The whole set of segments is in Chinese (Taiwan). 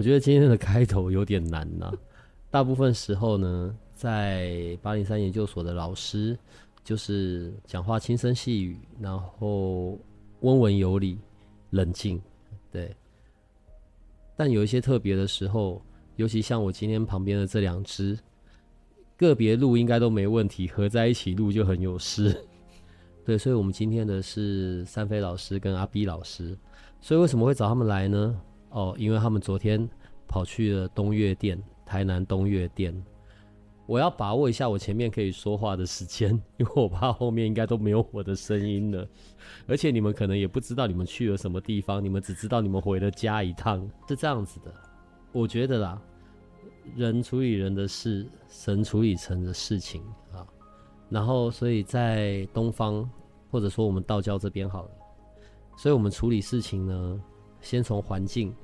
我覺得今天的開頭有點難吶、啊。大部分時候呢，在八靈三研究所的老師就是講話輕聲細語，然後溫文有禮、冷靜。對。但有一些特別的時候，尤其像我今天旁邊的這兩隻，個別錄應該都沒問題，合在一起錄就很有事。對，所以我們今天的是扇飛老師跟阿 B 老師，所以為什麼會找他們來呢？哦，因為他們昨天跑去了東嶽殿，台南東嶽殿。我要把握一下我前面可以說話的時間，因為我怕後面應該都沒有我的聲音了。 而且你們可能也不知道你們去了什麼地方，你們只知道你們回了家一趟，是這樣子的。我覺得啦，人處理人的事，神處理神的事情啊。然後，所以在東方，或者說我們道教這邊好了，所以我們處理事情呢。先從環境、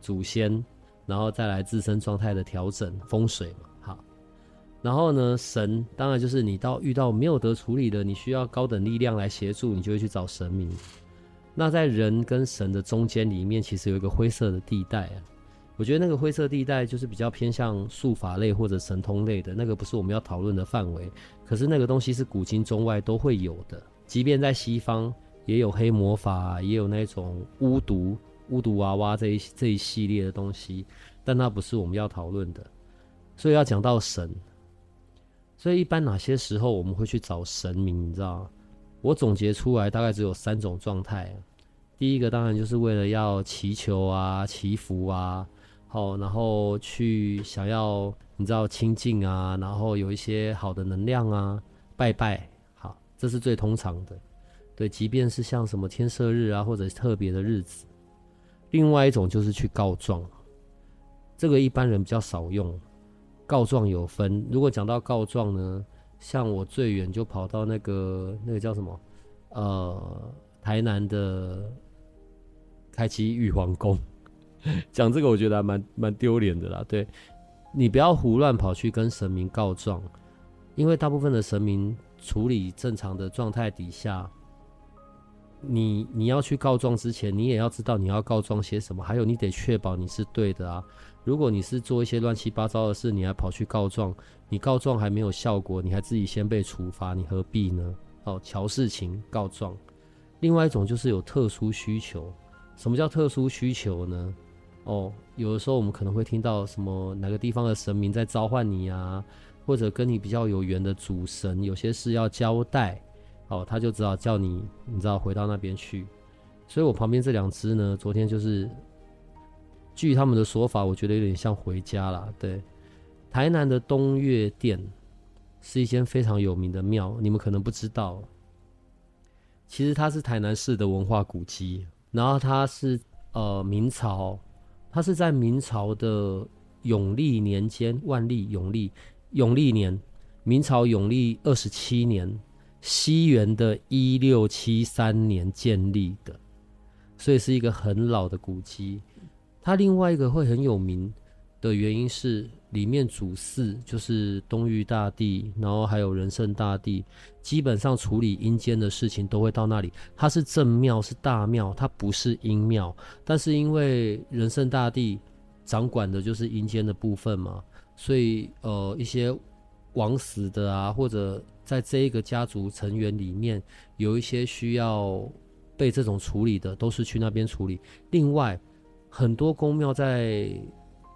祖先，然後再來自身狀態的調整，風水嘛，好。然後呢，神當然就是你到遇到沒有得處理的，你需要高等力量來協助，你就會去找神明。那在人跟神的中間裡面，其實有一個灰色的地帶啊。我覺得那個灰色地帶就是比較偏向術法類或者神通類的那個，不是我們要討論的範圍。可是那個東西是古今中外都會有的，即便在西方。也有黑魔法啊，也有那種巫毒、巫毒娃娃這一這一系列的東西，但那不是我們要討論的。所以要講到神，所以一般哪些時候我們會去找神明？你知道嗎？我總結出來大概只有三種狀態。第一個當然就是為了要祈求啊、祈福啊，好，然後去想要你知道清淨啊，然後有一些好的能量啊，拜拜，好，這是最通常的。對，即便是像什麼天赦日啊，或者特別的日子，另外一種就是去告狀，這個一般人比較少用。告狀有分，如果講到告狀呢，像我最遠就跑到那個那個叫什麼，呃，台南的開啟玉皇宮。講 這個，我覺得還蠻蠻丟臉的啦。對，你不要胡亂跑去跟神明告狀，因為大部分的神明處理正常的狀態底下。你你要去告狀之前，你也要知道你要告狀些什麼，還有你得確保你是對的啊。如果你是做一些亂七八糟的事，你還跑去告狀，你告狀還沒有效果，你還自己先被處罰，你何必呢？哦，喬事情告狀。另外一種就是有特殊需求。什麼叫特殊需求呢？哦，有的時候我們可能會聽到什麼哪個地方的神明在召喚你啊，或者跟你比較有緣的主神有些事要交代。哦，他就只好叫你，你知道回到那邊去。所以我旁邊這兩隻呢，昨天就是據他們的說法，我覺得有點像回家啦。對，台南的東嶽殿是一間非常有名的廟，你們可能不知道，其實它是台南市的文化古蹟，然後它是呃明朝，它是在明朝的永曆年間，萬曆、永曆、永曆年，明朝永曆二十七年。西元的一六七三年建立的，所以是一個很老的古蹟。它另外一個會很有名的原因是，裡面主祀就是東嶽大帝，然後還有仁聖大帝，基本上處理陰間的事情都會到那裡。它是正廟，是大廟，它不是陰廟。但是因為仁聖大帝掌管的就是陰間的部分嘛，所以呃一些。枉死的啊，或者在這一個家族成員裡面有一些需要被這種處理的，都是去那邊處理。另外，很多宮廟在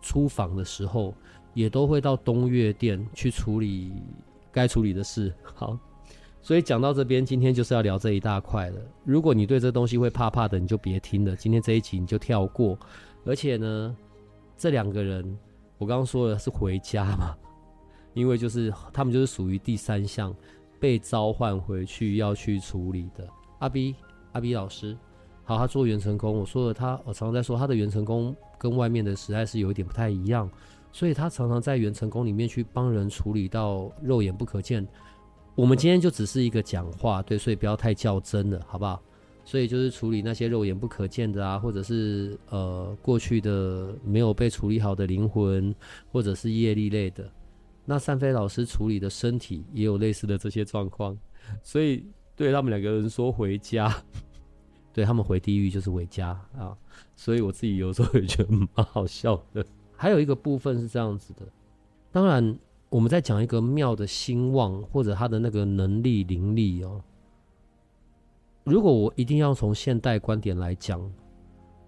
出訪的時候，也都會到東嶽殿去處理該處理的事。好，所以講到這邊，今天就是要聊這一大塊了。如果你對這東西會怕怕的，你就別聽了，今天這一集你就跳過。而且呢，這兩個人，我剛剛說的是回家嘛。因為就是他們就是屬於第三項，被召喚回去要去處理的。阿 B、阿 B 老師，好，他做元成功，我說了他，我常常在說他的元成功跟外面的實在是有一點不太一樣，所以他常常在元成功裡面去幫人處理到肉眼不可見。我們今天就只是一個講話，對，所以不要太較真了，好不好？所以就是處理那些肉眼不可見的啊，或者是呃過去的沒有被處理好的靈魂，或者是業力類的。那扇飛老師處理的身體也有類似的這些狀況，所以對他們兩個人說回家， 對，他們回地獄就是回家啊。所以我自己有時候也覺得蠻好笑的。還有一個部分是這樣子的，當然我們在講一個廟的興旺或者他的那個能力靈力哦、喔。如果我一定要從現代觀點來講，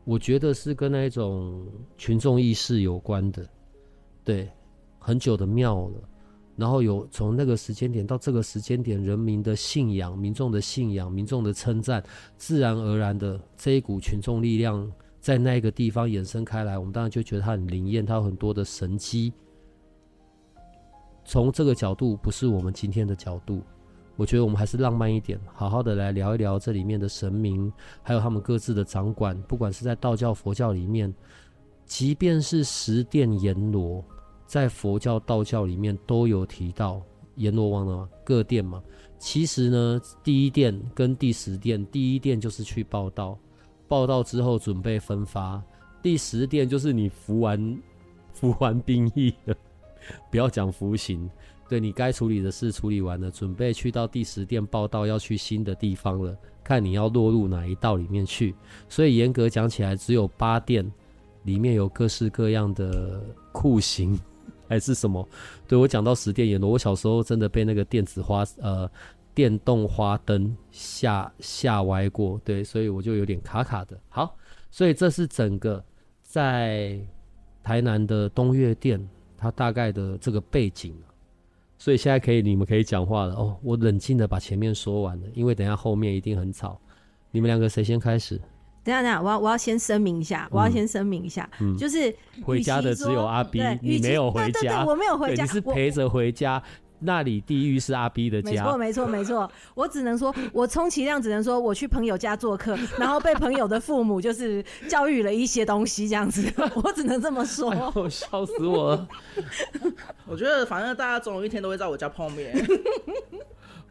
我覺得是跟那一種群眾意識有關的，對。很久的廟了，然後有從那個時間點到這個時間點，人民的信仰、民眾的信仰、民眾的稱讚，自然而然的這一股群眾力量在那個地方延伸開來，我們當然就覺得它很靈驗，它有很多的神蹟。從這個角度，不是我們今天的角度，我覺得我們還是浪漫一點，好好的來聊一聊這裡面的神明，還有他們各自的掌管，不管是在道教、佛教裡面，即便是十殿閻羅。在佛教、道教裡面都有提到閻羅王的各殿嘛？其實呢，第一殿跟第十殿，第一殿就是去報到，報到之後準備分發；第十殿就是你服完服完兵役了， 不要講服刑，對，你該處理的事處理完了，準備去到第十殿報到，要去新的地方了，看你要落入哪一道裡面去。所以嚴格講起來，只有八殿裡面有各式各樣的酷刑。還、欸、是什麼？對，我講到十殿閻羅了。我小時候真的被那個電子花呃電動花燈嚇嚇歪過，對，所以我就有點卡卡的。好，所以這是整個在台南的東嶽殿，它大概的這個背景。所以現在可以你們可以講話了哦，我冷靜的把前面說完了，因為等一下後面一定很吵。你們兩個誰先開始？等下等下，我要我要先聲明一下，我要先聲明一下，嗯、就是回家的只有阿 B，對你沒有回家，啊、對，對,對我沒有回家，你是陪着回家，我那裡地獄是阿 B 的家，沒錯沒錯沒錯，我只能說我充其量只能說我去朋友家做客， 然後被朋友的父母就是教育了一些東西，這樣子， 我只能這麼說，我、哎、笑死我了， 我覺得反正大家總有一天都會在我家碰面。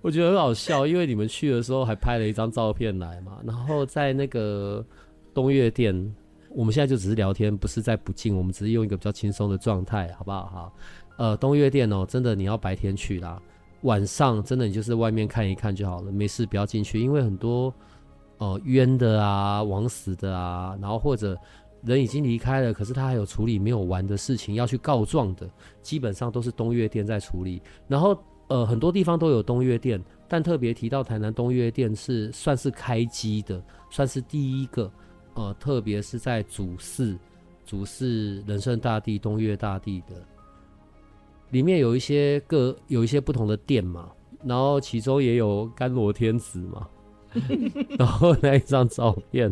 我覺得很好笑，因為你們去的時候還拍了一張照片來嘛。然後在那個東嶽殿，我們現在就只是聊天，不是在不敬，我們只是用一個比較輕鬆的狀態，好不好哈？呃，東嶽殿哦，真的你要白天去啦，晚上真的你就是外面看一看就好了，沒事不要進去，因為很多哦、呃、冤的啊、枉死的啊，然後或者人已經離開了，可是他還有處理沒有完的事情要去告狀的，基本上都是東嶽殿在處理，然後。呃，很多地方都有東嶽殿，但特別提到台南東嶽殿是算是開基的，算是第一個。呃，特別是在主祀主祀仁聖大帝東嶽大帝的裡面，有一些個有一些不同的殿嘛，然後其中也有甘羅天子嘛。 然後那一張照片，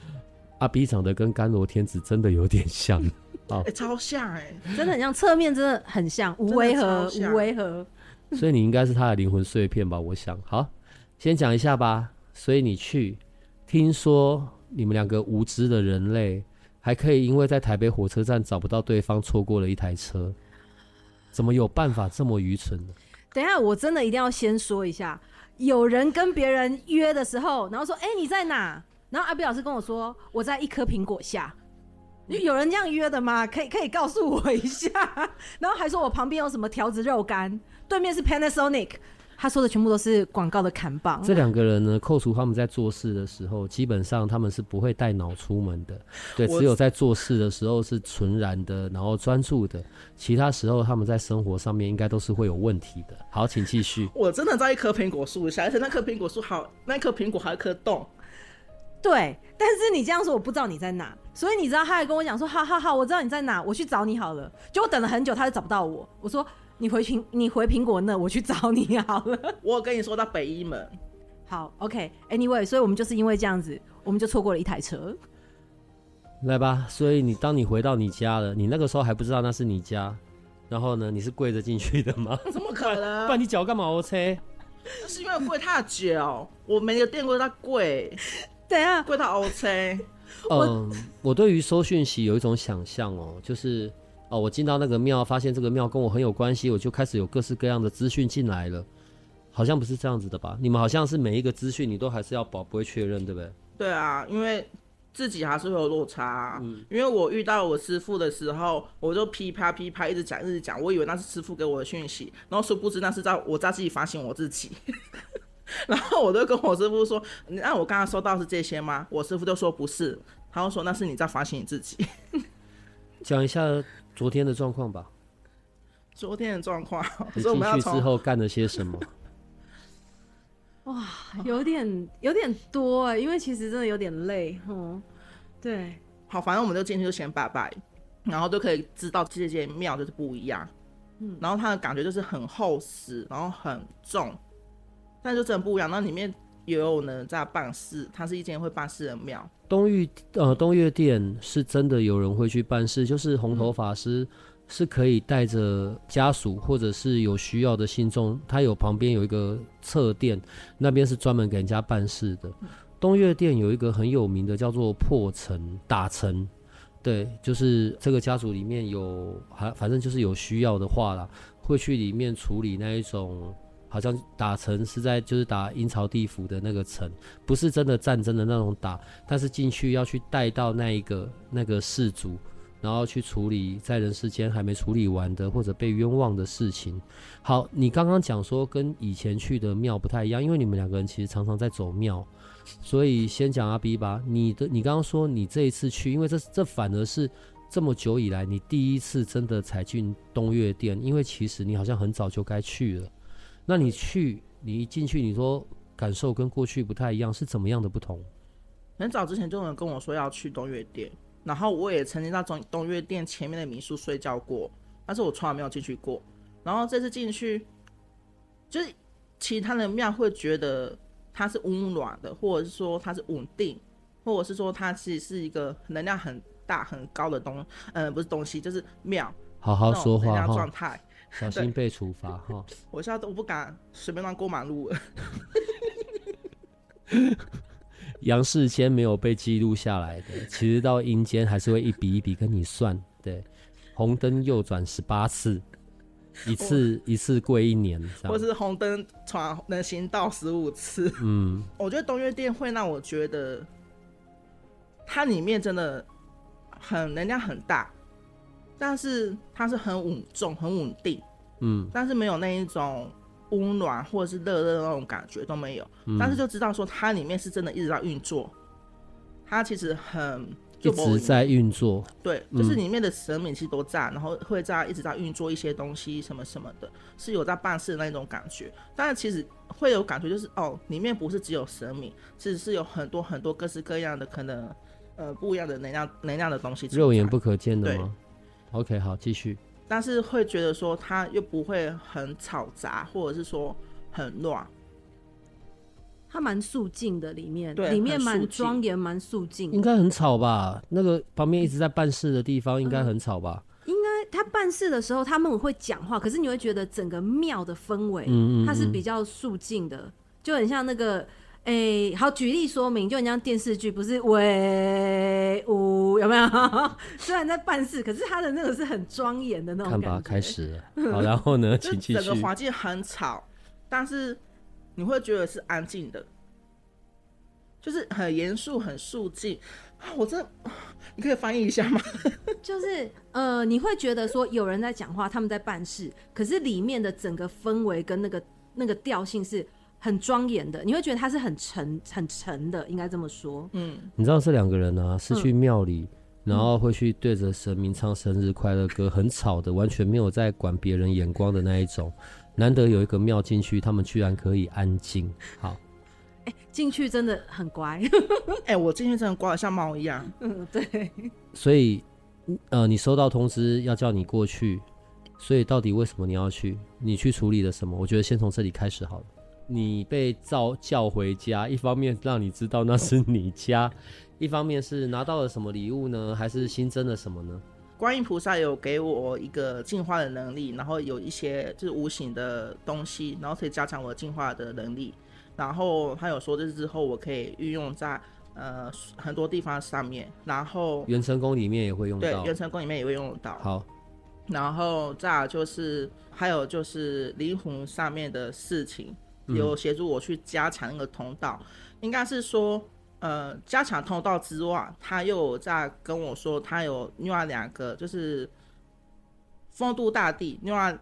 阿 B 長得跟甘羅天子真的有點像， 哦欸、超像哎、欸，真的很像，側面 真的很像，無違和，無違和。所以你應該是他的靈魂碎片吧？我想，好，先講一下吧。所以你去，聽說你們兩個無知的人類，還可以因為在台北火車站找不到對方，錯過了一台車，怎麼有辦法這麼愚蠢呢？等一下，我真的一定要先說一下，有人跟別人約的時候，然後說：“哎、欸，你在哪？”然後阿 B 老師跟我說：“我在一顆蘋果下。”有人這樣約的嗎？可以可以告訴我一下。 然後還說我旁邊有什麼條子肉乾，對面是 Panasonic。他說的全部都是廣告的看板。這兩個人呢，扣除他們在做事的時候，基本上他們是不會帶腦出門的。對，只有在做事的時候是純然的，然後專注的。其他時候他們在生活上面應該都是會有問題的。好，請繼續。我真的在一棵蘋果樹下，而且那棵蘋果樹好，那棵蘋果還有一顆洞。對，但是你這樣說，我不知道你在哪，所以你知道他還跟我講說，好好好，我知道你在哪，我去找你好了。結果等了很久，他就找不到我。我說，你回蘋，你回蘋果那，我去找你好了。我跟你說到北一門，好，OK，Anyway，、okay, 所以我們就是因為這樣子，我們就錯過了一台車。來吧，所以你當你回到你家了，你那個時候還不知道那是你家，然後呢，你是跪着進去的嗎？怎麼可能 不？不然你腳幹嘛？我猜，就是因為跪太久， 我沒有墊過他跪。對啊，怪他 o 車。 嗯，我對於收訊息有一種想象哦、喔，就是哦、喔，我進到那個廟，發現這個廟跟我很有關係，我就開始有各式各樣的資訊進來了。好像不是這樣子的吧？你們好像是每一個資訊，你都還是要保不會確認，對不對？對啊，因為自己還是會有落差、啊。嗯，因為我遇到我師傅的時候，我就噼啪噼啪啪一直講，一直講，我以為那是師傅給我的訊息，然後殊不知那是在我在自己反省我自己。 然後我就跟我師傅說：“那我剛剛說到是這些嗎？”我師傅就，就說：“不是。”他又說：“那是你在反省你自己。 ”講一下昨天的狀況吧。昨天的狀況，所以我們要進去之後幹了些什麼？ 哇，有點有點多哎，因為其實真的有點累。嗯，對，好，反正我們就進去就先拜拜，然後都可以知道這些廟就是不一樣。嗯，然後他的感覺就是很厚實，然後很重。但就真不一樣，那裡面也有人在辦事。它是一間會辦事的廟，東嶽呃東嶽殿是真的有人會去辦事，就是紅頭法師是可以帶着家屬或者是有需要的信眾，他有旁邊有一個側殿，那邊是專門給人家辦事的。東嶽殿有一個很有名的叫做破城打城，對，就是這個家族裡面有還反正就是有需要的話啦，會去裡面處理那一種。好像「打城」是在就是打陰曹地府的那個城，不是真的戰爭的那種打，但是進去要去帶到那一個那個氏族，然後去處理在人世間還沒處理完的或者被冤枉的事情。好，你剛剛講說跟以前去的廟不太一樣，因為你們兩個人其實常常在走廟，所以先講阿 B 吧。你的你剛剛說你這一次去，因為這這反而是這麼久以來你第一次真的踩進東嶽殿，因為其實你好像很早就該去了。那你去，你一進去，你說感受跟過去不太一樣，是怎麼樣的不同？很早之前就有人跟我說要去東嶽殿，然後我也曾經在東東嶽殿前面的民宿睡覺過，但是我從來沒有進去過。然後這次進去，就是其他的廟會覺得它是溫暖的，或者是說它是穩定，或者是說它其實是一個能量很大、很高的東，嗯、呃，不是東西，就是廟。好好說話。小心被處罰哈！對哦、我現在都不敢隨便亂過馬路了。陽 世間沒有被記錄下來的，其實到陰間還是會一筆一筆跟你算。對，紅燈右轉十八次，一次我一次跪一年。或是紅燈闖人行道十五次。嗯，我覺得東嶽殿會讓我覺得，它裡面真的很能量很大。但是它是很穩重、很穩定，嗯，但是沒有那一種溫暖，或者是熱熱的那種感覺都沒有。嗯、但是就知道說它裡面是真的一直在運作，它其實很就一直在運作，嗯、對，就是裡面的神明其實都在，然後會在一直在運作一些東西什麼什麼的，是有在辦事的那種感覺。但是其實會有感覺就是哦、喔，裡面不是只有神明，其實是有很多很多各式各樣的可能，呃，不一樣的能量、能量的東西，肉眼不可見的嗎？OK，好，繼續。但是會覺得說，它又不會很吵雜，或者是說很亂，它蠻肅靜的。裡面，對裡面蠻莊嚴，蠻肅靜。應該很吵吧？那個旁邊一直在辦事的地方，嗯、應該很吵吧？應該，他辦事的時候他們會講話，可是你會覺得整個廟的氛圍，它、嗯嗯嗯、是比較肅靜的，就很像那個。哎、欸，好，舉例說明，就你像電視劇，不是威武有沒有？雖然在辦事，可是他的那個是很莊嚴的那種感覺。看吧，開始了。好，然後呢， 請繼續。整個環境很吵，但是你會覺得是安靜的，就是很嚴肅、很肅靜、啊、我這，你可以翻譯一下嗎？ 就是呃，你會覺得說有人在講話，他們在辦事，可是裡面的整個氛圍跟那個那個調性是。很莊嚴的，你會覺得它是很沉、很沉的，應該這麼說。嗯，你知道這兩個人呢、啊，是去廟裡，嗯、然後會去對着神明唱生日快樂歌，嗯、很吵的，完全沒有在管別人眼光的那一種。難得有一個廟進去，他們居然可以安靜。好，哎、欸，進去真的很乖。哎、 欸，我進去真的乖的像貓一樣。嗯，對。所以，呃，你收到通知要叫你過去，所以到底為什麼你要去？你去處理了什麼？我覺得先從這裡開始好了。你被召叫回家，一方面讓你知道那是你家，一方面是拿到了什麼禮物呢？還是新增了什麼呢？觀音菩薩有給我一個進化的能力，然後有一些就是無形的東西，然後可以加強我進化的能力。然後他有說，這之後我可以運用在呃很多地方上面。然後元神宮裡面也會用到，對，元神宮裡面也會用得到。好，然後再就是還有就是靈魂上面的事情。有協助我去加強那個通道，嗯、應該是說，呃，加強通道之外，他又在跟我說，他有另外兩個，就是酆都大帝另外。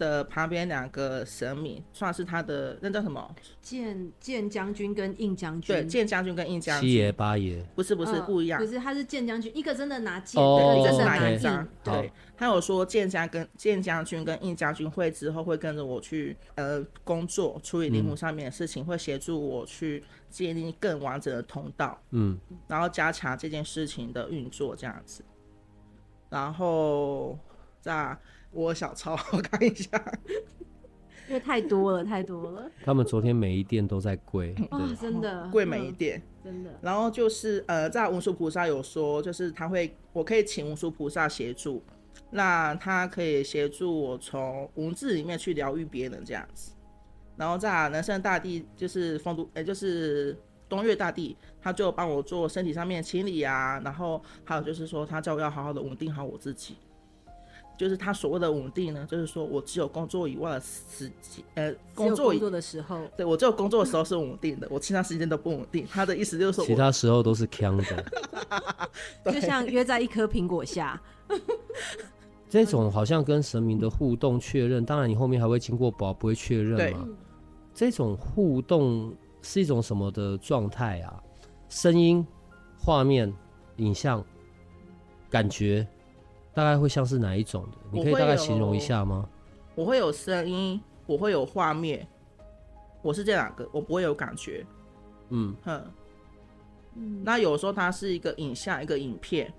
的旁邊兩個神明算是他的那叫什麼？劍劍將軍跟印將軍。對，劍將軍跟印將軍。七爺八爺。不是不是，哦，不一樣。不是，他是劍將軍，一個真的拿劍，哦，一個真的拿印章。哦 okay. 對，好他有說劍將跟劍將軍跟印將軍會之後會跟着我去呃工作處理陵墓上面的事情，嗯，會協助我去建立更完整的通道。嗯，然後加強這件事情的運作這樣子，然後在。這我小抄我看一下， 因為太多了，太多了。 他們昨天每一殿都在跪，嗯、哦、真的跪、哦、每一殿，哦、真的。然後就是呃，在文殊菩薩有說，就是他會，我可以請文殊菩薩協助，那他可以協助我從文字裡面去療癒別人這樣子。然後在南生大帝就是豐都，呃就是東嶽大帝，他就幫我做身體上面清理啊。然後還有就是說，他叫我要好好的穩定好我自己。就是他所謂的穩定呢，就是說我只有工作以外的時間，呃，工作以作的時候，對，我只有工作的時候是穩定的， 我其他時間都不穩定。他的意思就是說，其他時候都是坑的， 對就像約在一顆蘋果下。 這種好像跟神明的互動確認，當然你後面還會經過寶不會確認嘛。對這種互動是一種什麼的狀態啊？聲音、畫面、影像、感覺。大概會像是哪一種的？你可以大概形容一下嗎？我會有聲音，我會有畫面，我是這兩個，我不會有感覺。嗯哼，呵嗯，那有時候它是一個影像，一個影片，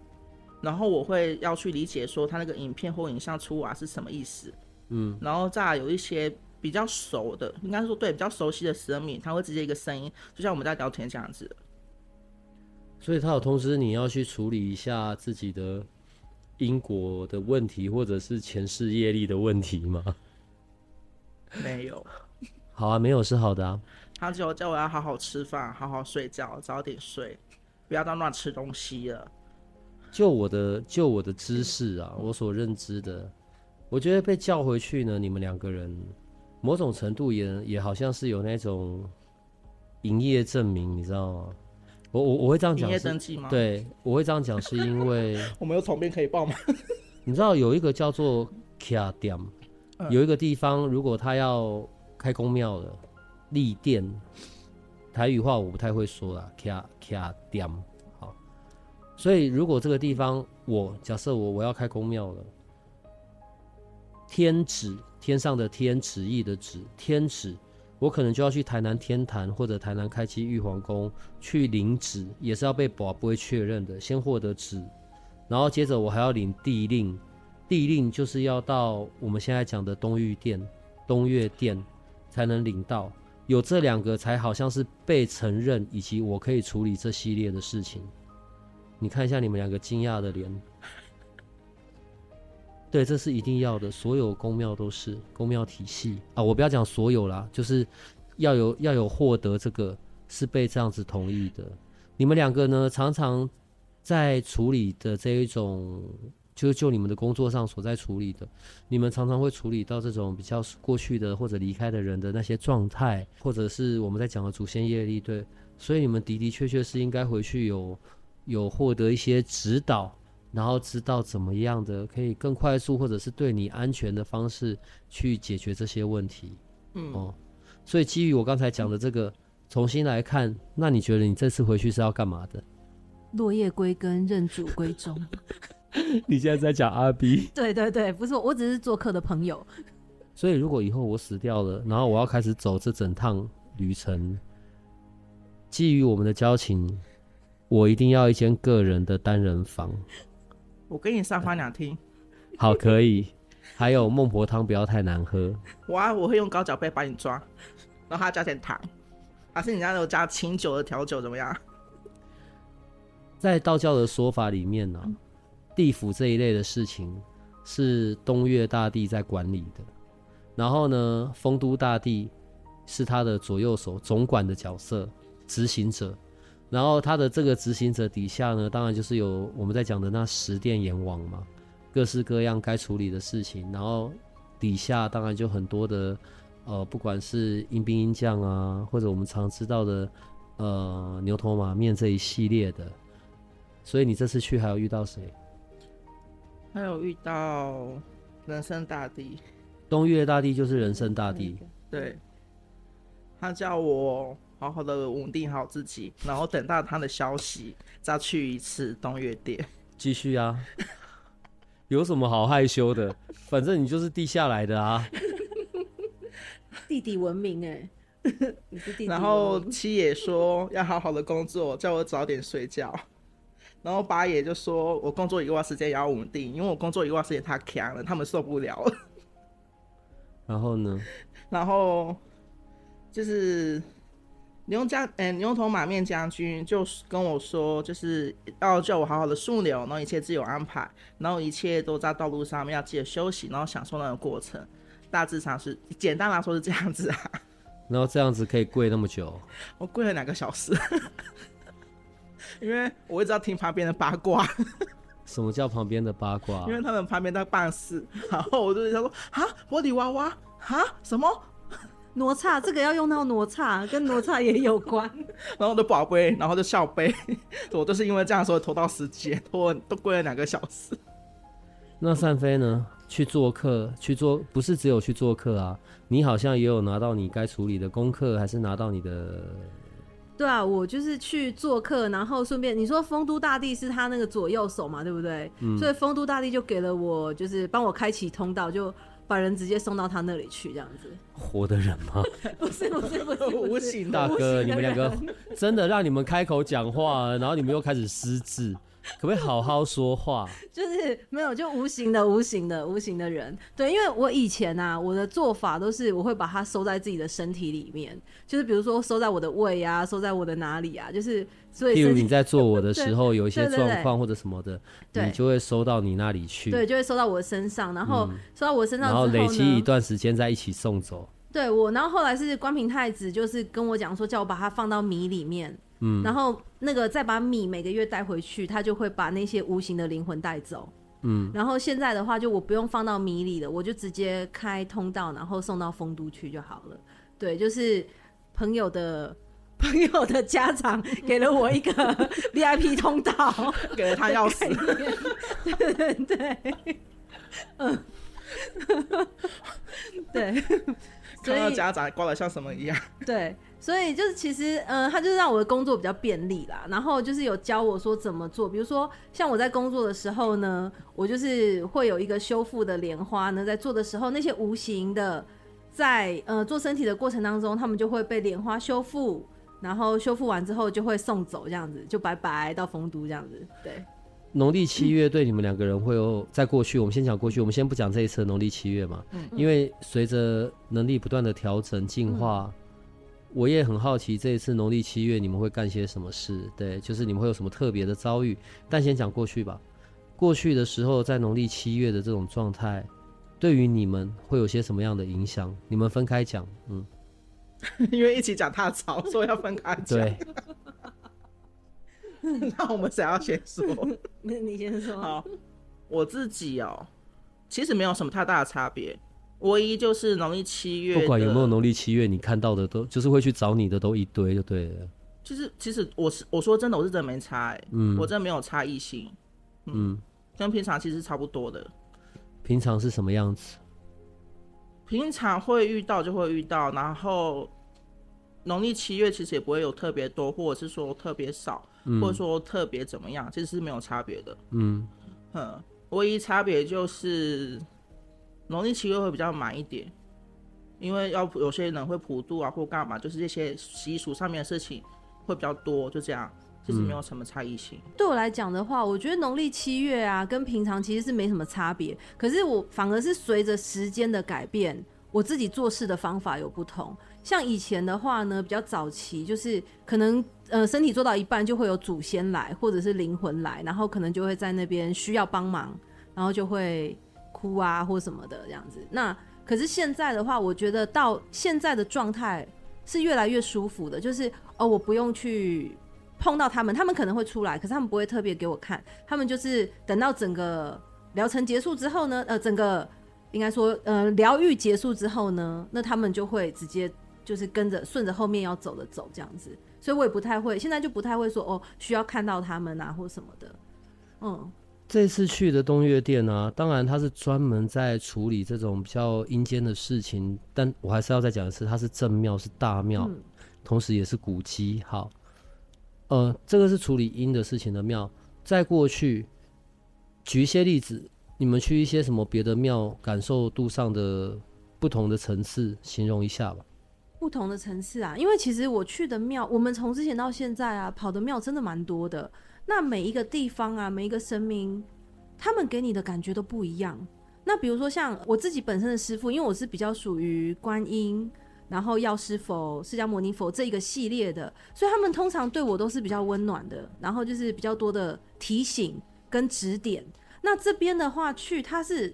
然後我會要去理解說它那個影片或影像出啊是什麼意思。嗯，然後再有一些比較熟的，應該說對，比較熟悉的神明，他會直接一個聲音，就像我們在聊天這樣子。所以，他有通知你要去處理一下自己的因果的問題，或者是前世業力的問題嗎？沒有。好啊，沒有是好的啊。他就叫我要好好吃飯，好好睡覺，早點睡，不要再亂吃東西了。就我的就我的知識啊，嗯、我所認知的，我覺得被叫回去呢，你們兩個人某種程度也也好像是有那種營業證明，你知道嗎？我我我會這樣講，你也生氣嗎？對，我會這樣講是因為我沒有床邊可以抱嗎？你知道有一個叫做卡點，有一個地方，如果他要開公廟了，立店，台語話我不太會說啦卡 i a 好，所以如果這個地方，我假設我我要開公廟了，天子天上的天子意的子天子。我可能就要去台南天壇或者台南開基玉皇宮去領旨，也是要被保不會確認的。先獲得旨，然後接着我還要領地令，地令就是要到我們現在講的東玉殿、東嶽殿才能領到。有這兩個才好像是被承認，以及我可以處理這系列的事情。你看一下你們兩個驚訝的臉。對，這是一定要的，所有宮廟都是宮廟體系啊。我不要講所有啦，就是要有要有獲得這個是被這樣子同意的。你們兩個呢，常常在處理的這一種，就是就你們的工作上所在處理的，你們常常會處理到這種比較過去的或者離開的人的那些狀態，或者是我們在講的祖先業力。對，所以你們的的確確是應該回去有有獲得一些指導。然後知道怎麼樣的可以更快速，或者是對你安全的方式去解決這些問題。嗯哦，所以基於我剛才講的這個，嗯、重新來看，那你覺得你這次回去是要幹嘛的？落葉歸根，認祖歸宗。 你現在在講阿 B？ 對對對，不是我，我只是做客的朋友。所以如果以後我死掉了，然後我要開始走這整趟旅程，基於我們的交情，我一定要一間個人的單人房。我給你三房兩廳，好可以。 還有孟婆湯不要太難喝。哇，我會用高腳杯把你抓，然後還要加點糖，還是你家有加清酒的調酒怎麼樣？在道教的說法裡面呢、喔，地府這一類的事情是東岳大帝在管理的，然後呢，酆都大帝是他的左右手、總管的角色、執行者。然後他的這個執行者底下呢，當然就是有我們在講的那十殿閻王嘛，各式各樣該處理的事情。然後底下當然就很多的，呃，不管是陰兵陰將啊，或者我們常知道的，呃，牛頭馬面這一系列的。所以你這次去還有遇到誰？還有遇到仁聖大帝。東嶽大帝就是仁聖大帝。對。他叫我。好好的穩定好自己，然後等到他的消息再去一次東嶽殿。繼續啊， 有什麼好害羞的？反正你就是地下來的啊， 弟弟文明哎。然後七爺說要好好的工作，叫我早點睡覺。然後八爺就說我工作以外時間也要穩定，因為我工作以外時間太強了，他們受不了了。 然後呢？然後就是。牛將，誒、欸，牛頭馬面將軍就跟我說，就是要叫我好好的順流，然後一切自有安排，然後一切都在道路上面要記得休息，然後享受那個過程，大致上是簡單來說是這樣子啊。然後這樣子可以跪那麼久？ 我跪了兩個小時， 因為我一直要聽旁邊的八卦。 什麼叫旁邊的八卦？ 因為他們旁邊在辦事，然後我就對他說：“啊，玻璃娃娃，啊，什麼？”羅 剎，這個要用到羅剎，跟羅剎也有關。 然後就寶貝，然後就笑杯，我都是因為這樣說，投到十間投都跪了兩個小時。那扇飛呢？去做客去做，不是只有去做客啊？你好像也有拿到你該處理的功課，還是拿到你的？對啊，我就是去做客，然後順便你說豐都大帝是他那個左右手嘛，對不對？嗯、所以豐都大帝就給了我，就是幫我開啟通道就。把人直接送到他那裡去，這樣子，活的人嗎？ 不是不是不是，無形大哥，你們兩個 真的讓你們開口講話，然後你們又開始失智。 可不可以好好說話？就是沒有，就無形的、無形的、無形的人。對，因為我以前啊，我的做法都是我會把它收在自己的身體裡面，就是比如說收在我的胃呀、啊，收在我的哪裡啊，就是。所以，例如你在做我的時候，有一些狀況或者什麼的， 對對對對，你就會收到你那裡去，對，對，就會收到我身上，然後、嗯、收到我身上，然後累積一段時間再一起送走。對我，然後後來是關平太子，就是跟我講說，叫我把它放到米裡面，嗯，然後那個再把米每個月帶回去，他就會把那些無形的靈魂帶走，嗯，然後現在的話，就我不用放到米裡了，我就直接開通道，然後送到酆都去就好了。對，就是朋友的。朋友的家長給了我一個 VIP 通道， 給了他鑰匙，對對對，嗯，對，家長掛的像什麼一樣？對，所以就是其實，嗯，他就是讓我的工作比較便利啦。然後就是有教我說怎麼做，比如說像我在工作的時候呢，我就是會有一個修復的蓮花呢，在做的時候，那些無形的在呃做身體的過程當中，他們就會被蓮花修復。然後修復完之後就會送走，這樣子就拜拜到豐都這樣子。對，農曆七月對你們兩個人會有在過去，嗯、我們先講過去，我們先不講這一次的農曆七月嘛。嗯。因為隨着能力不斷的調整進化，嗯、我也很好奇這一次農曆七月你們會幹些什麼事。對，就是你們會有什麼特別的遭遇。嗯、但先講過去吧。過去的時候在農曆七月的這種狀態，對於你們會有些什麼樣的影響？你們分開講。嗯。因為一起講太吵，所以要分開講。對， 那我們誰要先說？那 你先說哦。我自己哦、喔，其實沒有什麼太大的差別，唯一就是農曆七月。不管有沒有農曆七月，你看到的都就是會去找你的都一堆就對了。其實、就是，其實我是我說真的，我是真的沒差哎、欸。嗯，我真的沒有差異性。嗯，嗯跟平常其實差不多的。平常是什麼樣子？平常會遇到就會遇到，然後農曆七月其實也不會有特別多，或者是說特別少，嗯、或者說特別怎麼樣，其實是沒有差別的。嗯，唯一差別就是農曆七月會比較滿一點，因為要有些人會普渡啊或幹嘛，就是這些習俗上面的事情會比較多，就這樣。就是沒有什麼差異性。嗯。對我來講的話，我覺得農曆七月啊，跟平常其實是沒什麼差別。可是我反而是隨着時間的改變，我自己做事的方法有不同。像以前的話呢，比較早期就是可能呃身體做到一半就會有祖先來，或者是靈魂來，然後可能就會在那邊需要幫忙，然後就會哭啊或什麼的這樣子。那可是現在的話，我覺得到現在的狀態是越來越舒服的，就是哦我不用去。碰到他們，他們可能會出來，可是他們不會特別給我看。他們就是等到整個療程結束之後呢，呃，整個應該說，呃，療癒結束之後呢，那他們就會直接就是跟着順着後面要走的走這樣子。所以我也不太會，現在就不太會說哦，需要看到他們啊或什麼的。嗯，這次去的東嶽殿啊，當然它是專門在處理這種比較陰間的事情，但我還是要再講一次，它是正廟，是大廟，嗯、同時也是古蹟。好。呃，這個是處理陰的事情的廟。在過去，舉一些例子，你們去一些什麼別的廟，感受度上的不同的層次，形容一下吧。不同的層次啊，因為其實我去的廟，我們從之前到現在啊，跑的廟真的蠻多的。那每一個地方啊，每一個神明，他們給你的感覺都不一樣。那比如說像我自己本身的師父，因為我是比較屬於觀音。然後藥師佛、釋迦牟尼佛這一個系列的，所以他們通常對我都是比較溫暖的，然後就是比較多的提醒跟指點。那這邊的話去，他是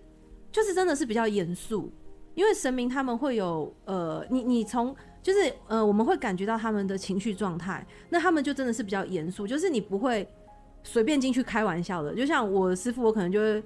就是真的是比較嚴肅，因為神明他們會有呃，你你從就是呃，我們會感覺到他們的情緒狀態，那他們就真的是比較嚴肅，就是你不會隨便進去開玩笑的。就像我師父，我可能就會。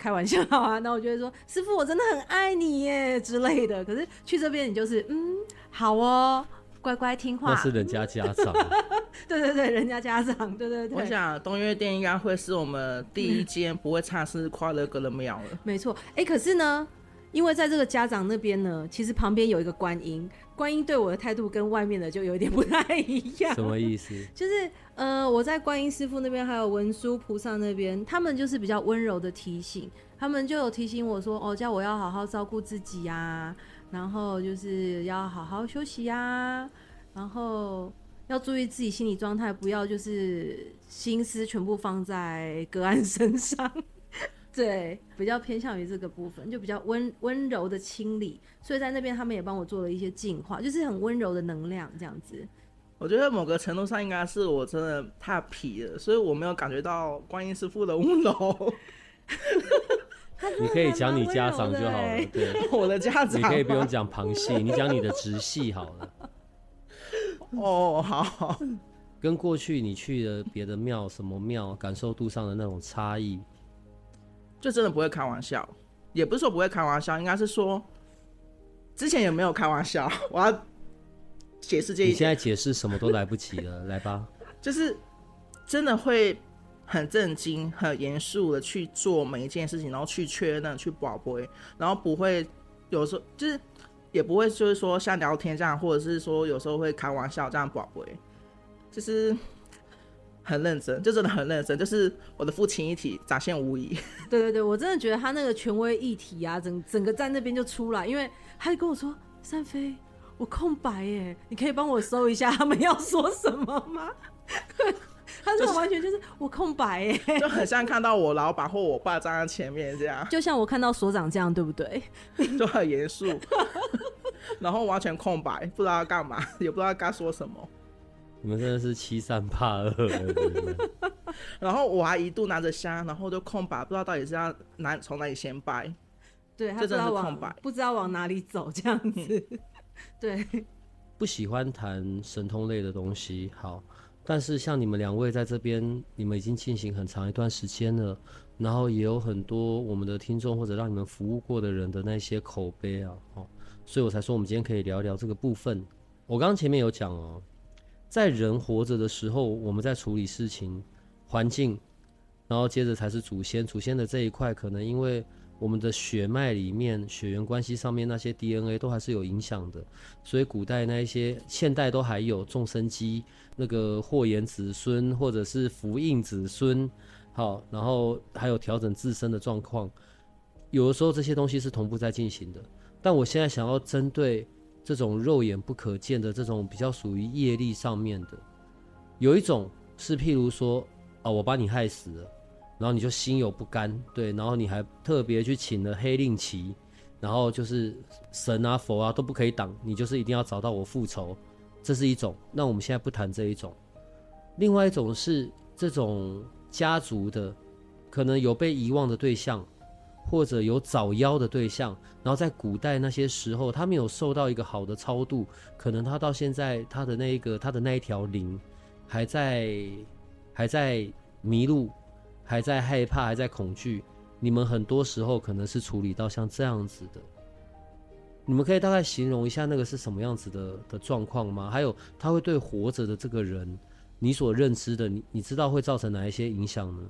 開玩笑啊，那我就會說師父，我真的很愛你耶之類的。可是去這邊你就是嗯，好哦，乖乖聽話。那是人家家長啊。 對對對，人家家長，對對對。我想東嶽殿應該會是我們第一間不會唱生日快樂歌的廟了，嗯。沒錯，哎，可是呢。因為在這個家長那邊呢，其實旁邊有一個觀音，觀音對我的態度跟外面的就有點不太一樣。什麼意思？就是呃，我在觀音師傅那邊，還有文殊菩薩那邊，他們就是比較溫柔的提醒，他們就有提醒我說，哦，叫我要好好照顧自己啊，然後就是要好好休息啊，然後要注意自己心理狀態，不要就是心思全部放在個案身上。對，比較偏向於這個部分，就比較溫溫柔的清理，所以在那邊他們也幫我做了一些淨化，就是很溫柔的能量這樣子。我覺得某個程度上應該是我真的太皮了，所以我沒有感覺到觀音師父的溫 柔。你可以講你家長就好了，對， 我的家長，你可以不用講旁系，你講你的直系好了。哦， oh, 好，好， 跟過去你去的別的廟，什麼廟，感受度上的那種差異。就真的不會開玩笑，也不是說不會開玩笑，應該是說，之前也沒有開玩笑。我要解釋這一點，你現在解釋什麼都來不及了， 來吧。就是真的會很正經、很嚴肅的去做每一件事情，然後去確認、去報備，然後不會有時候就是也不會就是說像聊天這樣，或者是說有時候會開玩笑這樣報備，就是。很認真，就真的很認真，就是我的父親一體展現無遺。對對對，我真的覺得他那個權威一體啊，整整個在那邊就出來，因為他就跟我說：“扇飛，我空白耶，你可以幫我搜一下他們要說什麼嗎？” 就是、 他這種完全就是我空白耶，就很像看到我老闆或我爸站在前面這樣， 就像我看到所長這樣，對不對？ 就很嚴肅，然後完全空白，不知道要幹嘛，也不知道他該說什麼。你們真的是欺三怕二。對對， 然後我還一度拿着香，然後就空白，不知道到底是要拿從哪裡先掰，對，他不知道就往不知道往哪裡走這樣子，嗯、對，不喜歡談神通類的東西，好，但是像你們兩位在這邊，你們已經進行很長一段時間了，然後也有很多我們的聽眾或者讓你們服務過的人的那些口碑啊，哦，所以我才說我們今天可以聊一聊這個部分。我剛剛前面有講哦。在人活着的時候，我們在處理事情、環境，然後接着才是祖先。祖先的這一塊，可能因為我們的血脈裡面血緣關係上面那些 DNA 都還是有影響的，所以古代那一些、現代都還有眾生機，那個禍延子孫，或者是福蔭子孫。好，然後還有調整自身的狀況，有的時候這些東西是同步在進行的。但我現在想要針對。這種肉眼不可見的，這種比較屬於業力上面的，有一種是譬如說，啊，我把你害死了，然後你就心有不甘，對，然後你還特別去請了黑令旗，然後就是神啊、佛啊都不可以擋，你就是一定要找到我復仇，這是一種。那我們現在不談這一種，另外一種是這種家族的，可能有被遺忘的對象。或者有找妖的對象，然後在古代那些時候，他沒有受到一個好的超度，可能他到現在他的那一個他的那一條靈還在，還在迷路，還在害怕，還在恐懼。你們很多時候可能是處理到像這樣子的，你們可以大概形容一下那個是什麼樣子的的狀況嗎？還有他會對活着的這個人，你所認知的你你知道會造成哪一些影響呢？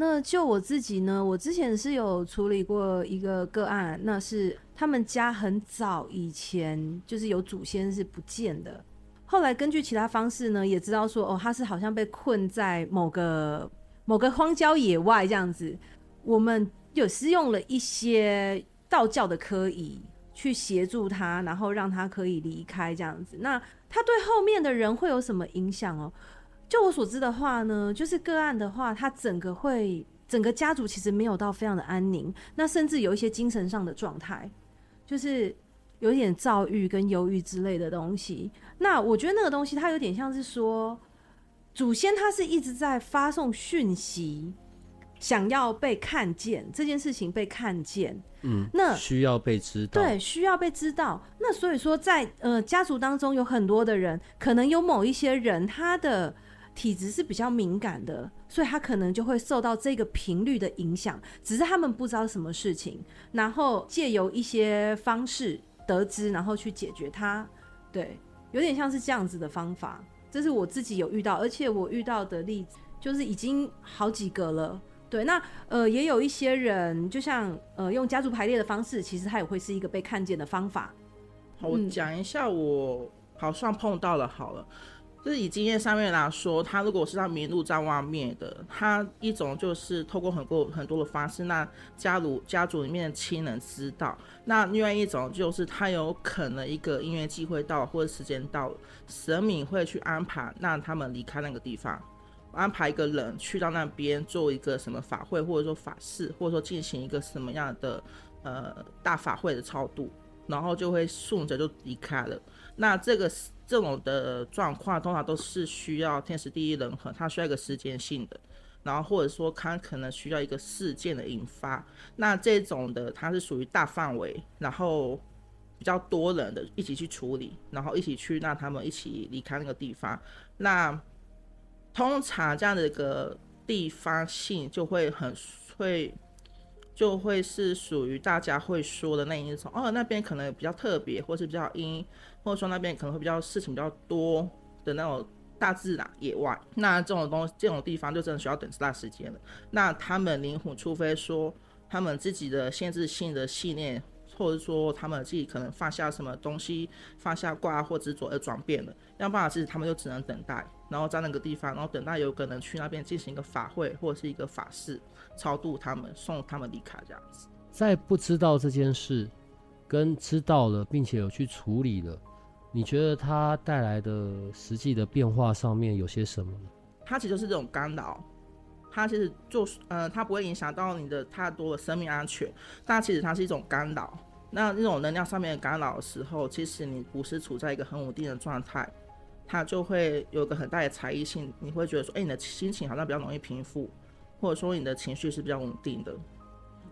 那就我自己呢，我之前是有處理過一個個案，那是他們家很早以前就是有祖先是不見的，後來根據其他方式呢，也知道說哦，他是好像被困在某個某個荒郊野外，這樣子。我們有使用了一些道教的科儀去協助他，然後讓他可以離開這樣子。那他對後面的人會有什麼影響哦、喔？就我所知的話呢，就是個案的話，他整個會整個家族其實沒有到非常的安寧，那甚至有一些精神上的狀態，就是有一點躁鬱跟憂鬱之類的東西。那我覺得那個東西，它有點像是說，祖先他是一直在發送訊息，想要被看見，這件事情被看見，嗯，那需要被知道，對，需要被知道。那所以說在，在呃家族當中有很多的人，可能有某一些人他的。體質是比較敏感的，所以他可能就會受到這個頻率的影響。只是他們不知道什麼事情，然後借由一些方式得知，然後去解決它。對，有點像是這樣子的方法。這是我自己有遇到，而且我遇到的例子就是已經好幾個了。對，那呃也有一些人，就像呃用家族排列的方式，其實它也會是一個被看見的方法。好，我講一下我，我好像碰到了，好了。就是以經驗上面來說，他如果是讓迷路在外面的，他一種就是透過很多很多的方式，讓家族家族裡面的親人知道；那另外一種就是他有可能一個音樂機會到了或者時間到了，神明會去安排讓他們離開那個地方，安排一個人去到那邊做一個什麼法會或者說法事，或者說進行一個什麼樣的呃大法會的超度，然後就會順着就離開了。那這個這種的狀況通常都是需要天時地利人和，它需要一個時間性的，然後或者說它可能需要一個事件的引發。那這種的它是屬於大範圍，然後比較多人的一起去處理，然後一起去讓他們一起離開那個地方。那通常這樣的一個地方性就會很會。就會是屬於大家會說的那一種，哦，那邊可能比較特別，或是比較陰，或者說那邊可能會比較事情比較多的那種大自然野外。那這種東這種地方就真的需要等一段時間了。那他們靈魂除非說他們自己的限制性的信念，或者說他們自己可能放下什麼東西，放下掛或執着而轉變了，要不然其實他們就只能等待，然後在那個地方，然後等待有可能去那邊進行一個法會或者是一個法事。超度他們，送他們離開這樣子。在不知道這件事，跟知道了並且有去處理了，你覺得它帶來的實際的變化上面有些什麼呢？它其實是這種干擾，它其實就呃，它不會影響到你的太多的生命安全，但其實它是一種干擾。那那種能量上面的干擾的時候，其實你不是處在一個很穩定的狀態，它就會有個很大的差異性。你會覺得說，哎、欸，你的心情好像比較容易平復。或者說你的情緒是比較穩定的，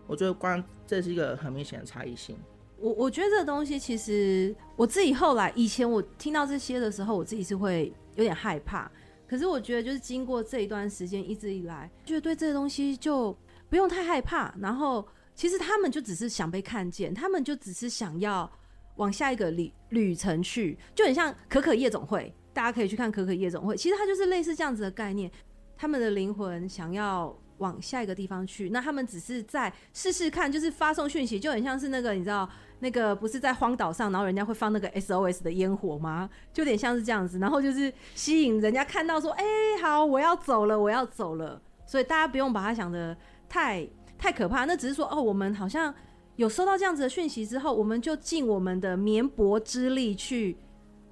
我覺得關，這是一個很明顯的差異性我。我我覺得這個東西其實我自己後來以前我聽到這些的時候，我自己是會有點害怕。可是我覺得就是經過這一段時間，一直以來覺得對這些東西就不用太害怕。然後其實他們就只是想被看見，他們就只是想要往下一個旅旅程去，就很像可可夜總會，大家可以去看可可夜總會，其實它就是類似這樣子的概念。他們的靈魂想要往下一個地方去，那他們只是在試試看，就是發送訊息，就很像是那個你知道那個不是在荒島上，然後人家會放那個 SOS 的煙火嗎？就有點像是這樣子，然後就是吸引人家看到說，哎、欸，好，我要走了，我要走了，所以大家不用把它想得太太可怕，那只是說哦，我們好像有收到這樣子的訊息之後，我們就盡我們的綿薄之力去，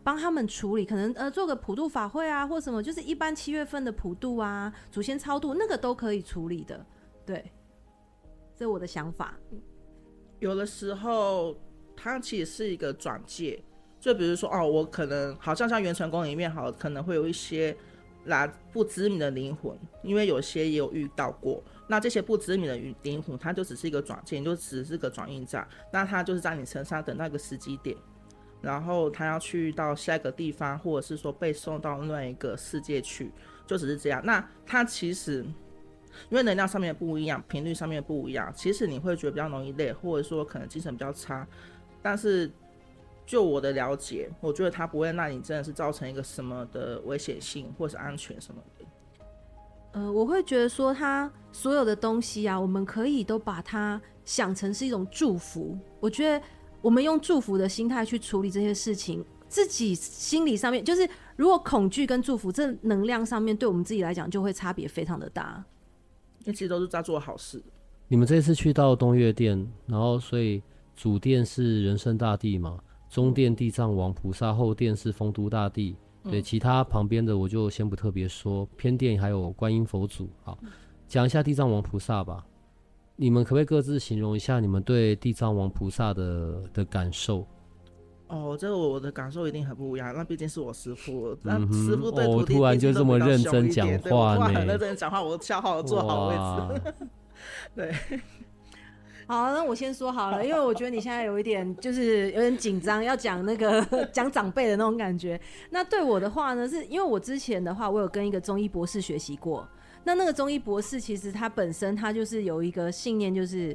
幫他們處理，可能呃做個普渡法會啊，或什麼，就是一般七月份的普渡啊，祖先超度那個都可以處理的，對，這是我的想法。有的時候它其實是一個轉介，就比如說哦，我可能好像像元辰宮裡面好，好可能會有一些來不知名的靈魂，因為有些也有遇到過。那這些不知名的靈魂，它就只是一個轉介，你就只是一個轉運站，那它就是在你身上等到一個時機點。然後他要去到下一個地方，或者是說被送到另外一個世界去，就只是這樣。那他其實因為能量上面不一樣，頻率上面不一樣，其實你會覺得比較容易累，或者說可能精神比較差。但是就我的了解，我覺得他不會讓你真的是造成一個什麼的危險性，或是安全什麼的。呃，我會覺得說，他所有的東西啊，我們可以都把它想成是一種祝福。我覺得。我們用祝福的心態去處理這些事情，自己心理上面就是，如果恐懼跟祝福這能量上面對我們自己來講，就會差別非常的大。一直其實都是在做好事。你們這次去到東嶽殿，然後所以主殿是仁聖大帝嘛，中殿地藏王菩薩，後殿是酆都大帝，對，其他旁邊的我就先不特別說。偏殿還有觀音佛祖，好，講一下地藏王菩薩吧。你們可不可以各自形容一下你們對地藏王菩薩的的感受？哦，這個我的感受一定很不一樣。那畢竟是我師父，那、嗯、哼師父對徒弟、哦、我突然就這麼認真講話,話，那認真講話，我笑好了，坐好位置。哇呵呵對，好，那我先說好了，因為我覺得你現在有一點 就是有點緊張，要講那個講 長輩的那種感覺。那對我的話呢，是因為我之前的話，我有跟一個中醫博士學習過。那那個中醫博士，其實他本身他就是有一個信念，就是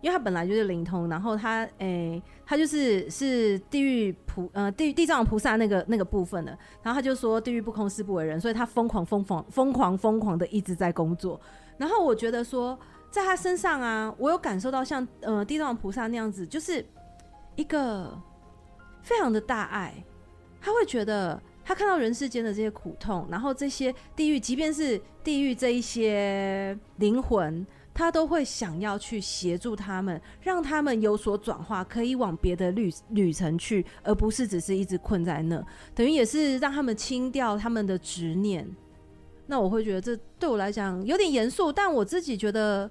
因為他本來就是靈通，然後他誒、欸，他就是是地獄、呃、菩呃地地藏菩薩那個那個部分的，然後他就說地獄不空，誓不為人，所以他瘋狂瘋狂瘋狂瘋狂的一直在工作。然後我覺得說，在他身上啊，我有感受到像呃地藏菩薩那樣子，就是一個非常的大愛，他會覺得。他看到人世間的這些苦痛，然後這些地獄，即便是地獄這一些靈魂，他都會想要去協助他們，讓他們有所轉化，可以往別的旅旅程去，而不是只是一直困在那。等於也是讓他們清掉他們的執念。那我會覺得這對我來講有點嚴肅，但我自己覺得，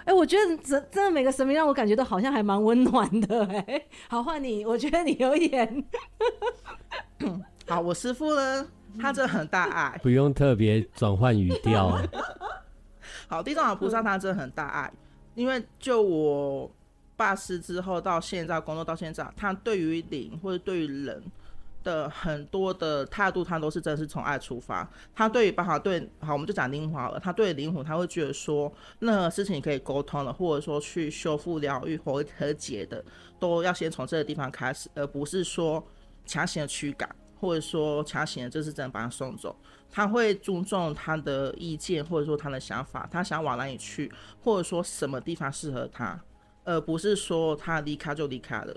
哎、欸，我覺得這真的每個神明讓我感覺都好像還蠻溫暖的、欸。好，換你，我覺得你有點。 好，我師父呢，他真的很大愛，不用特別轉換語調。好，地藏王菩薩，他真的很大愛，因為就我拜師之後到現在工作到現在，他對於靈或者對於人的很多的態度，他都是真是從愛出發。他對於包括對好，我們就講靈魂好了，他對靈魂他會覺得說，任何事情可以溝通了，或者說去修復、療癒或和解的，都要先從這個地方開始，而不是說強行的驅趕。或者說強行的就是真的把他送走，他會尊重他的意見或者說他的想法，他想往哪裡去，或者說什麼地方適合他，而、呃、不是說他離開就離開了。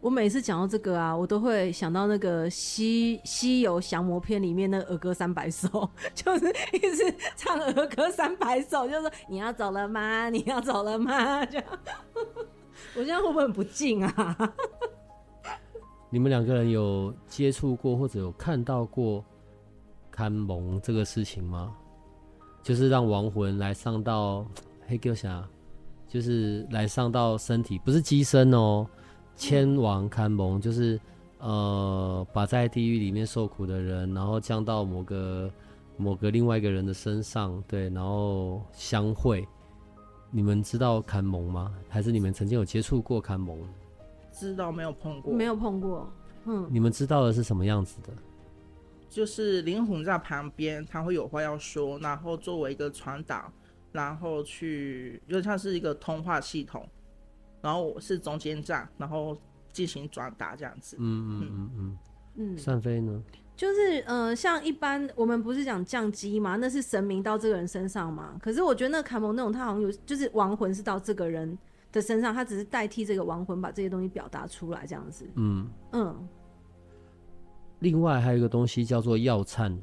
我每次講到這個啊，我都會想到那個西《西西遊降魔篇》裡面那兒歌三百首，就是一直唱兒歌三百首，就是你要走了嗎？你要走了嗎？這樣， 我現在會不會很不敬啊？你們兩個人有接觸過或者有看到過堪蒙這個事情嗎？就是讓亡魂來上到嘿，叫什麼？就是來上到身體，不是乩身哦。牽亡堪蒙就是呃，把在地獄裡面受苦的人，然後降到某個某個另外一個人的身上，對，然後相會。你們知道堪蒙嗎？還是你們曾經有接觸過堪蒙？知道，沒有碰過，沒有碰過，嗯。你們知道的是什麼樣子的？就是靈魂在旁邊，他會有話要說，然後作為一個傳導，然後去，因為像是一個通話系統，然後我是中間站，然後進行轉達這樣子。嗯嗯嗯嗯嗯。扇、嗯、飛呢？就是呃，像一般我們不是講降乩嗎？那是神明到這個人身上嗎？可是我覺得那卡蒙那種，他好像有，就是亡魂是到這個人的身上，他只是代替這個亡魂把這些東西表達出來，這樣子。嗯嗯。嗯另外還有一個東西叫做藥懺。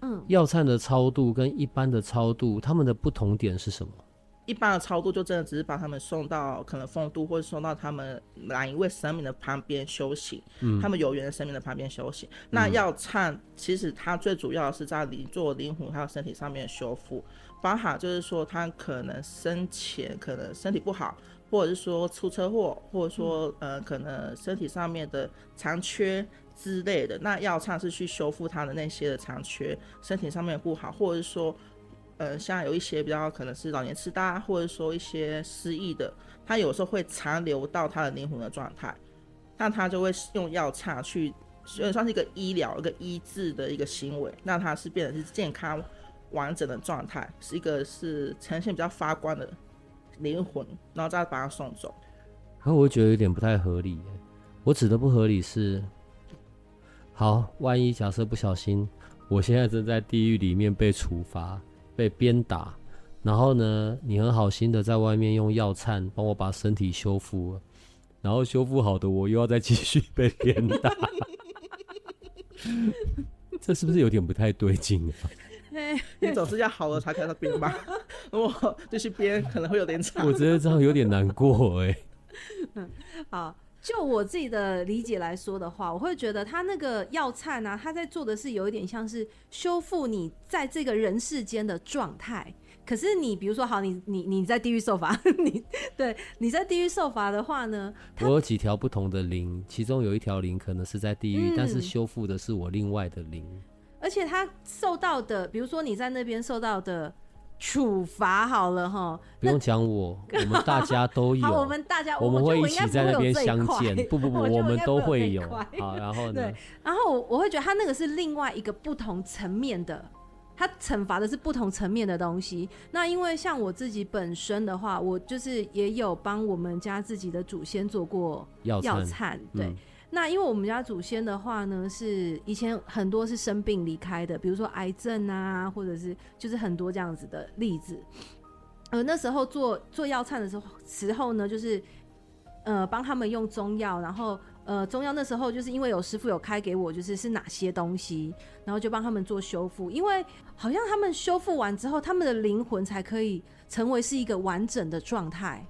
嗯。藥懺的超度跟一般的超度，他們的不同點是什麼？一般的超度就真的只是把他們送到可能酆都，或者送到他們哪一位神明的旁邊修行。嗯。他們有緣的神明的旁邊修行。嗯、那藥懺其實它最主要是在靈做靈魂還有身體上面修復，包含就是說他可能生前可能身體不好。或者是說出車禍，或者說、嗯、呃，可能身體上面的殘缺之類的，那藥叉是去修復他的那些的殘缺，身體上面不好，或者是說，呃，像有一些比較可能是老年癡呆，或者說一些失憶的，他有時候會殘留到他的靈魂的狀態，那他就會用藥叉去，所以算是一個醫療、一個醫治的一個行為，那他是變得是健康完整的狀態，是一個是呈現比較發光的靈魂，然後再把他送走。然後、啊、我覺得有點不太合理。我指的不合理是：好，萬一假設不小心，我現在正在地獄裡面被處罰、被鞭打，然後呢，你很好心的在外面用藥懺幫我把身體修復，然後修復好的我又要再繼續被鞭打， 這是不是有點不太對勁啊？Hey, hey, 你總是要好了才看到冰吧，我繼續編可能會有點慘。我覺得這樣有點難過哎。嗯，好，就我自己的理解來說的話，我會覺得他那個藥材呢，他在做的是有一點像是修復你在這個人世間的狀態。可是你比如說，好，你你你在地獄受罰， 你對，你在地獄受罰的話呢？我有幾條不同的靈，其中有一條靈可能是在地獄，嗯、但是修復的是我另外的靈。而且他受到的，比如說你在那邊受到的處罰，好了哈，不用講那我，我們大家都有， 好，我們大家我們會一起在那邊相見，不不不，我們都會有。好，然後呢？對，然後我會覺得他那個是另外一個不同層面的，他懲罰的是不同層面的東西。那因為像我自己本身的話，我就是也有幫我們家自己的祖先做過藥藥餐，餐對。嗯那因為我們家祖先的話呢，是以前很多是生病離開的，比如說癌症啊，或者是就是很多這樣子的例子。呃，那時候做做藥膳的時候時候呢，就是呃幫他們用中藥，然後呃中藥那時候就是因為有師父有開給我，就是是哪些東西，然後就幫他們做修復。因為好像他們修復完之後，他們的靈魂才可以成為是一個完整的狀態。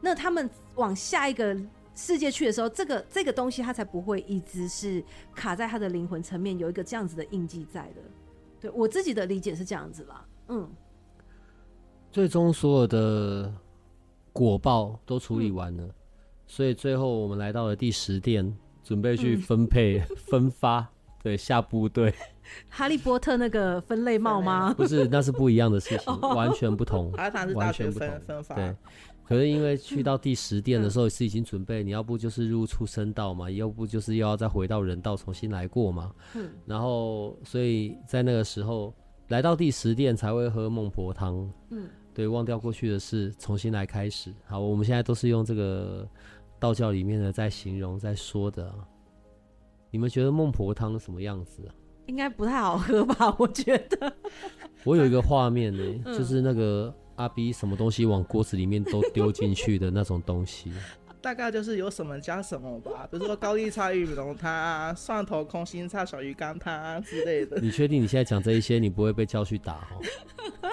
那他們往下一個。世界去的時候，這個這個東西它才不會一直是卡在他的靈魂層面，有一個這樣子的印記在的。對，我自己的理解是這樣子啦。嗯。最終所有的果報都處理完了，所以最後我們來到了第十殿，準備去分配分發。對，下部隊。哈利波特那個分類帽嗎？不是，那是不一樣的事情，完全不同。完全不同。啊，他是大學分發可是因為去到第十殿的時候也是已經準備，嗯嗯、你要不就是入畜生道嘛，要不就是又要再回到人道重新來過嘛。嗯，然後所以在那個時候來到第十殿才會喝孟婆湯。嗯，對，忘掉過去的事，重新來開始。好，我們現在都是用這個道教裡面的在形容在說的。你們覺得孟婆湯是什麼樣子、啊？應該不太好喝吧？我覺得。我有一個畫面呢、欸，嗯、就是那個。阿 B，什麼東西往鍋子裡面都丟進去的那種東西，大概就是有什麼加什麼吧，比如說高麗菜玉米、茸湯、蒜頭空心菜小魚乾湯之類的。你確定你現在講這一些，你不會被叫去打？哦，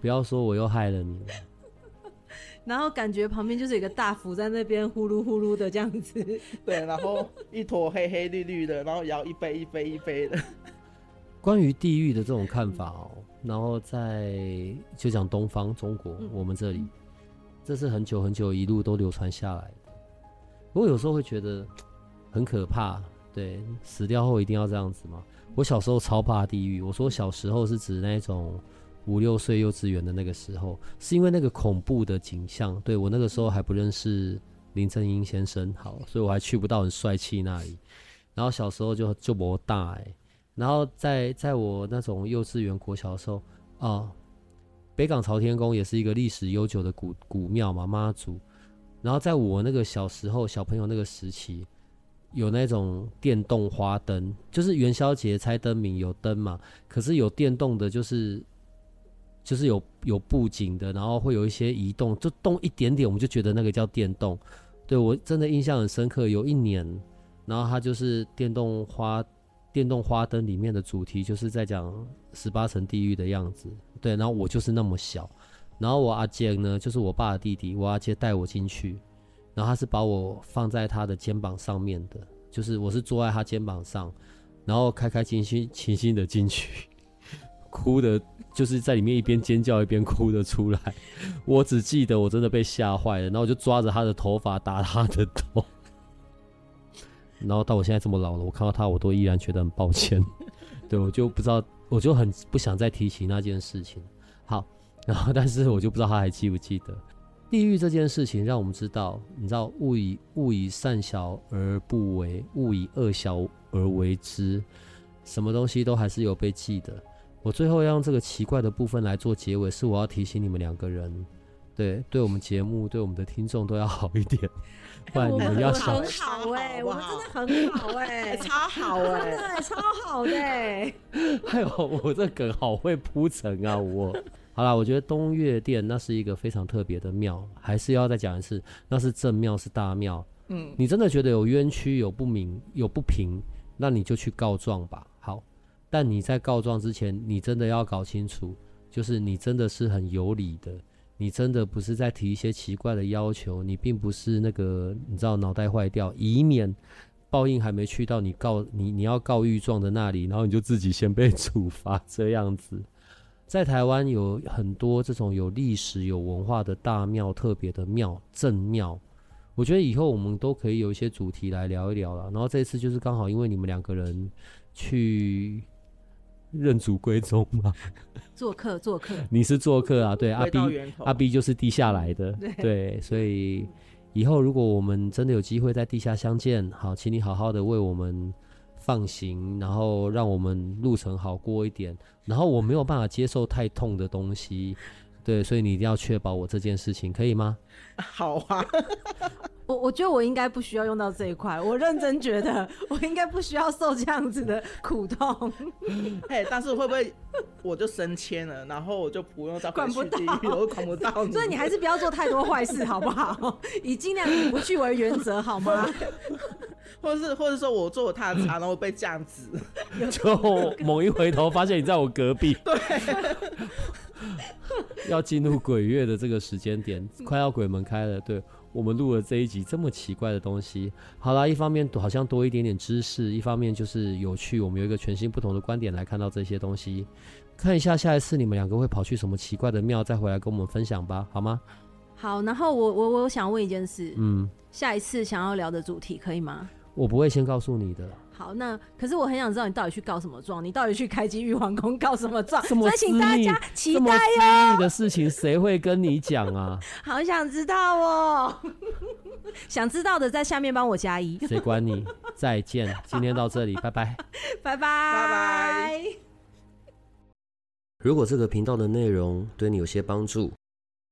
不要說我又害了你。然後感覺旁邊就是一個大福在那邊呼嚕呼嚕的這樣子，對。然後一坨黑黑綠綠的，然後搖一杯一杯一杯的。關於地獄的這種看法哦、喔。然後在就講東方中國，我們這裡，這是很久很久一路都流傳下來的。不過有時候會覺得很可怕，對，死掉後一定要這樣子嘛。我小時候超怕地獄。我說小時候是指那種五六歲幼稚園的那個時候，是因為那個恐怖的景象。對，我那個時候還不認識林正英先生，好，所以我還去不到很帥氣那裡。然後小時候就就沒大哎。然後在在我那種幼稚園國小的時候，啊、哦，北港朝天宮也是一個歷史悠久的古古廟嘛，媽祖。然後在我那個小時候，小朋友那個時期，有那種電動花燈，就是元宵節猜燈謎有燈嘛，可是有電動的、就是，就是就是有有布景的，然後會有一些移動，就動一點點，我們就覺得那個叫電動。對，我真的印象很深刻，有一年，然後它就是電動花。電動花燈裡面的主題就是在講十八層地獄的樣子，對，然後我就是那麼小，然後我阿杰呢就是我爸的弟弟，我阿杰帶我進去，然後他是把我放在他的肩膀上面的，就是我是坐在他肩膀上，然後開開心心、開心的進去，哭的就是在裡面一邊尖叫一邊哭的出來，我只記得我真的被嚇壞了，然後我就抓着他的頭髮打他的頭。然後到我現在這麼老了，我看到他，我都依然覺得很抱歉。 對，我就不知道，我就很不想再提起那件事情。好，然後但是我就不知道他還記不記得地獄這件事情，讓我們知道，你知道，勿以勿以善小而不為，勿以惡小而為之，什麼東西都還是有被記得。我最後要用這個奇怪的部分來做結尾，是我要提醒你們兩個人，對，對我們節目，對我們的聽眾都要好一點。 你們要欸、我們很好哎、欸，我們真的很好哎、欸欸，超好哎、欸，耶超好耶 哎。還有我這梗好會鋪陳啊，我。 好啦，我覺得東嶽殿那是一個非常特別的廟，還是要再講一次，那是正廟，是大廟。嗯，你真的覺得有冤屈、有不明、有不平，那你就去告狀吧。好，但你在告狀之前，你真的要搞清楚，就是你真的是很有理的。你真的不是在提一些奇怪的要求，你並不是那個你知道腦袋壞掉，以免報應還沒去到你告你你要告御狀的那裡，然後你就自己先被處罰這樣子。在台灣有很多這種有歷史有文化的大廟，特別的廟、正廟，我覺得以後我們都可以有一些主題來聊一聊了。然後這次就是剛好因為你們兩個人去認祖歸宗嘛。 做客，做客，你是做客啊？對， 阿 B，阿 B 就是地下來的， 對，對，所以以後如果我們真的有機會在地下相見，好，請你好好的為我們放行，然後讓我們路程好過一點，然後我沒有辦法接受太痛的東西。 對，所以你一定要確保我這件事情可以嗎？好啊， 我我覺得我應該不需要用到這一塊，我認真覺得我應該不需要受這樣子的苦痛。 嘿，但是會不會我就升遷了，然後我就不用再別人我管不到。管不到你？所以你還是不要做太多壞事，好不好？ 以儘量不去為原則，好嗎？或者是，或者說我做太長，然後我被這樣子。就猛一回頭發現你在我隔壁。對。 要進入鬼月的這個時間點， 快要鬼門開了。對，我們錄了這一集這麼奇怪的東西，好啦，一方面好像多一點點知識，一方面就是有趣。我們有一個全新不同的觀點來看到這些東西，看一下下一次你們兩個會跑去什麼奇怪的廟，再回來跟我們分享吧，好嗎？好，然後我我我想問一件事，嗯，下一次想要聊的主題可以嗎？我不會先告訴你的。好，那可是我很想知道你到底去告什麼狀？你到底去開基玉皇宮告什麼狀？麼所以請大家期待喲、哦。這麼私密的事情，誰會跟你講啊？ 好想知道哦！ 想知道的在下面幫我加一。誰 管你？再見，今天到這裡， 拜拜，拜拜 bye，bye bye。如果這個頻道的內容對你有些幫助，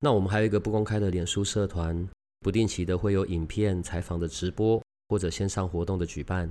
那我們還有一個不公開的臉書社團，不定期的會有影片、採訪的直播或者線上活動的舉辦。